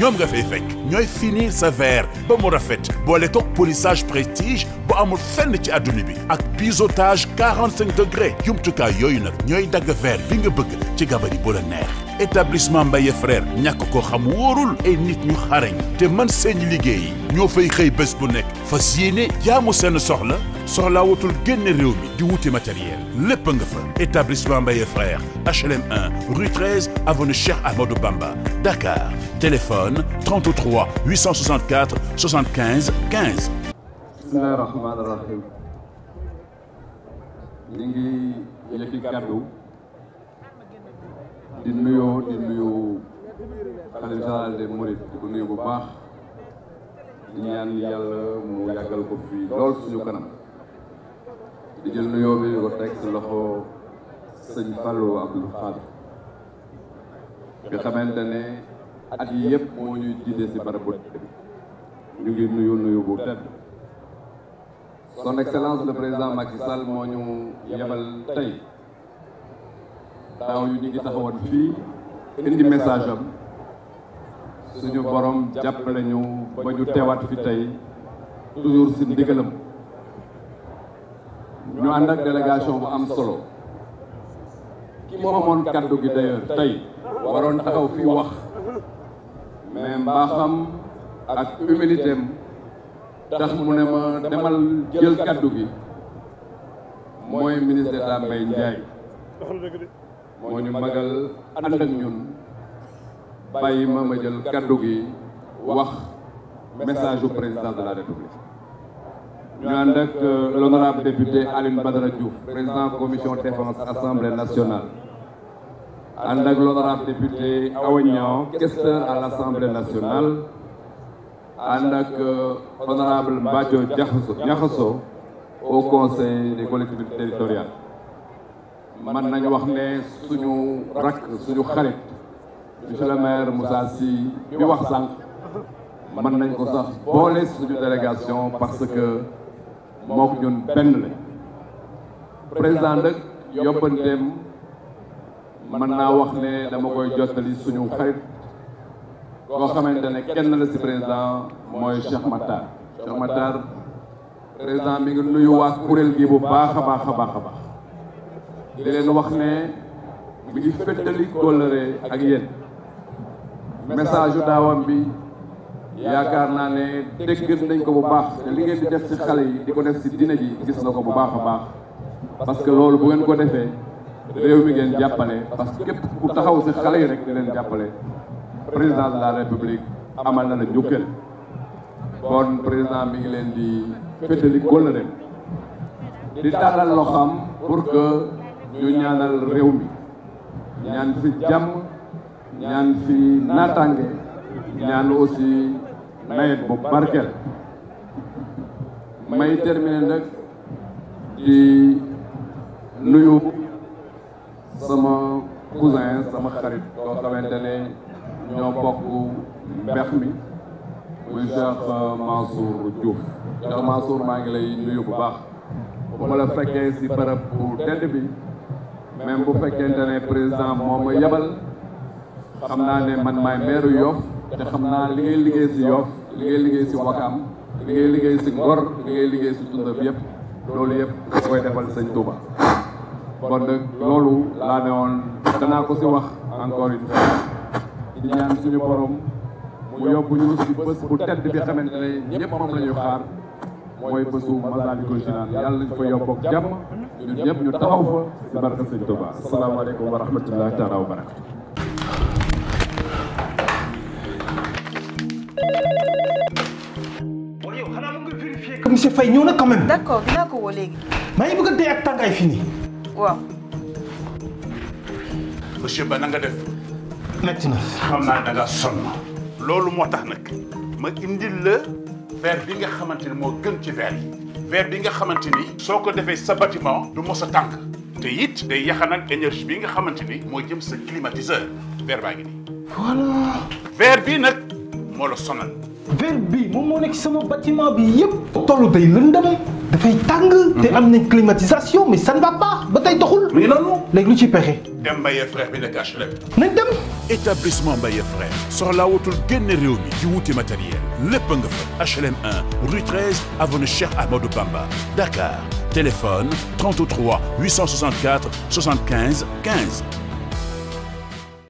ñoom nga fay fekk ñooy finir sa verre ba mu rafet boole toog polissage prestige bu amul fenn ci adduna bi ak biseautage 45 degré jumtukaay yooyu nag ñooy dagg verre bi nga bëgg ci gabari bu la neex établissement Mbaye frère ñàkk ko xamu wóorul ay nit ñu xarañ te man seeni liggéey ñoo fay xëy bés bu nekk fas yéene jaamu seen soxla soxlaa wutul génn réew mi di wuti matériel lépp nga fa établissement Mbaye frère HLM 1 rue 13 avenue Cheikh Amadou Bamba Dakar téléphone 33 864 rahiim ñu ngi yëkkati kàddu nuyoo di nuyu xalifa général des mourides di ko bu baax di ñaan mu yàggal ko fii lool suñu kanam di nuyoo bi di ko teg si loxo sëñ Fallou Abdou nga xamante ne at yi yëpp moo ñuy jiite si barabu ñu ngi nuyu nuyu bu tedd son excellence le président Macky moo ñu yebal tey daaw yu ñu ngi taxawoon fii indi message am suñu borom jàppale ñu ba ñu teewaat fi tey toujours si ndigalam ñu ànd ak délégation bu am solo ki moo amoon kaddu gi d'ailleurs tey waroon taxaw fii wax mais mbaaxam ak humilité tax mu ne ma demal jël kaddu gi mooy ministre d'État Mbaye Ndiaye moo ñu magal ànd ak ñun bàyyi ma ma jël kaddu gi wax message au président de la république ñu ànd ak euh, député Aline Badara président commission défense assemblée nationale ànd ak l'honorable député Awa Niang questeur à l'Assemblée nationale ànd ak euh, honorable Mbadio Diakhasso au conseil de collectivités territoriales man nañu wax ne suñu rakk suñu xarit monsieur le maire Moussa bi wax sànq mën nañ ko sax boole suñu délégation parce que mook ñun benn la président nag yóbbanteem mën naa wax ne dama koy jottali suñu xarit koo xamante ne kenn la si président mooy Cheikh Matar Cheikh Matar président mi ngi nuyu waa kuréel gi bu baax a baax a baax a baax di leen wax ne mi ngi feddali kóllëre ak yéen message yu daawam bi yaakaar naa ne dégg nañ ko bu baax te li ngeen di def ci xale yi di ko def ci diine ji gis na ko bu baax a baax parce que loolu bu ngeen ko defee réew mi ngeen jàppale parce que képp ku taxaw si xale yi rek di leen jàppale président de la république amal na la njukkeel kon président mi ngi leen di féetali kóllëreem di tàllal loxoom pour que ñu ñaanal réew mi ñaan fi jàmm ñaan fi naataange ñaan aussi nawet bu barkeel may terminer nag di nuyu sama cousin sama xarit koo xamante ne ñoo bokk mbex mi muy Cheikh euh, Mansour Diouf Cheikh Mansour maa ngi lay nuyu bu baax bu ma la fekkee si barab bu tedd bi même bu fekkente ne président moom ma yebal xam naa ne man maay maire Yoff te xam naa li liggéey si Yoff li liggéey si Wakaam li ngay liggéey si Ngor li liggéey si Tunda bi yëpp loolu yëpp koy defal sëñ Touba bon nag loolu laa ne woon danaa ko si wax encore une fois di ñaan suñu borom mu yóbbu ñu si bés bu tedd bi xamante ne ñëpp moom la ñuy xaar mooy bésu Masaalikul Jinaan yàlla nañ ko yóbbu ak jàmm ñun ñëpp ñu taxaw fa si barke Sëñ Tuuba asalaamaaleykum wa rahmatullahi taala wa barakatu monsieur Faye ñëw na quand même. d'accord dinaa ko woo léegi. maa ngi bëgg a dee ak tàngaay fii nii. waaw. monsieur Ba nanga nga def. metti na. xam naa da nga sonn. loolu moo tax nag ma indil la verre bi nga xamante ni moo gën ci verre yi. verre bi nga xamante ni. soo ko defee sa bâtiment du mos sa tànk. te it day yaxanal énergie bi nga xamante ni moo jëm sa climatiseur verre baa ngi nii. voilà. verre bii nag moo la sonal. verre bii moom moo nekk sama bâtiment bi yëpp. tollu day lëndam. dafay tàng. te mhm. am nañ climatisation mais ça ne va pas ba tey doxul. mais loolu. léegi lu ci pexe. dem Mbaye frère bi nekk HLM. nañ dem. établissement Mbaye frère. soxlaa wutul génn réew mi. di wuti matériel. lépp nga fa. HLM 1 rue 13 avenue Cheikh Amadou Bamba Dakar téléphone 33 864 75 15.